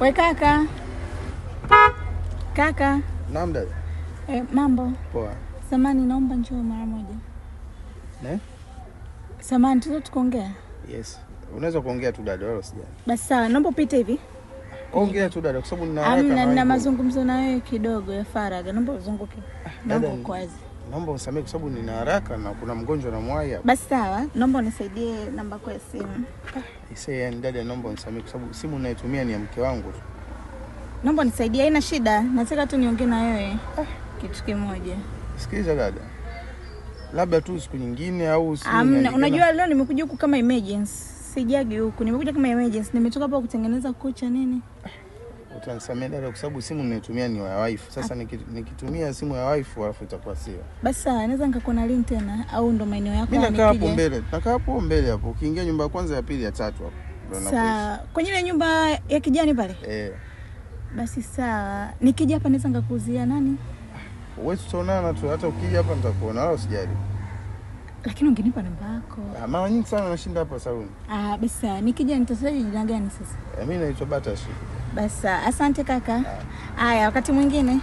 We kaka. Kaka. Naam dada. Eh, mambo. Poa. Samani naomba njoo mara moja. Ne? Samani tuzo tukaongea. Yes. Unaweza kuongea tu dada wala sijali. Basi sawa, naomba upite hivi. Ongea tu dada kwa sababu nina haraka na nina mazungumzo na wewe kidogo ya faraga Naomba uzunguke. Ah, naomba kwazi. Naomba usamee kwa sababu nina haraka na kuna mgonjwa na mwaya. Basi sawa, naomba unisaidie namba yako ya simu. Ah, ise, yani dada, naomba unisamee kwa sababu simu ninayotumia ni ya mke wangu. Naomba unisaidie, haina shida, nataka tu niongee na wewe ah. kitu kimoja. Sikiliza dada, labda tu siku nyingine au um, unajua leo nimekuja huku kama emergency. Sijagi huku, nimekuja kama emergency, nimetoka hapa kutengeneza kucha nini. Ah utanisamea dada, kwa sababu simu ninayotumia ni ya wife. Sasa ah. nikitumia simu ya wife alafu itakuwa sio basi. Sawa, naweza nikakuwa na link tena, au ndo maeneo yako? Mimi nakaa hapo mbele, nakaa hapo mbele hapo, ukiingia nyumba ya kwanza, ya pili, ya tatu hapo ndio sawa, kwenye ile nyumba ya kijani pale eh. Basi sawa, nikija hapa naweza nikakuuzia nani? Wewe tutaonana tu, hata ukija hapa nitakuona, wala usijali. Lakini ungenipa namba yako. Ah, mara nyingi sana nashinda hapa saluni. Ah, basi sawa, nikija nitasaidia jina gani sasa? Mimi eh, naitwa Batashi basa asante kaka. Haya, wakati mwingine.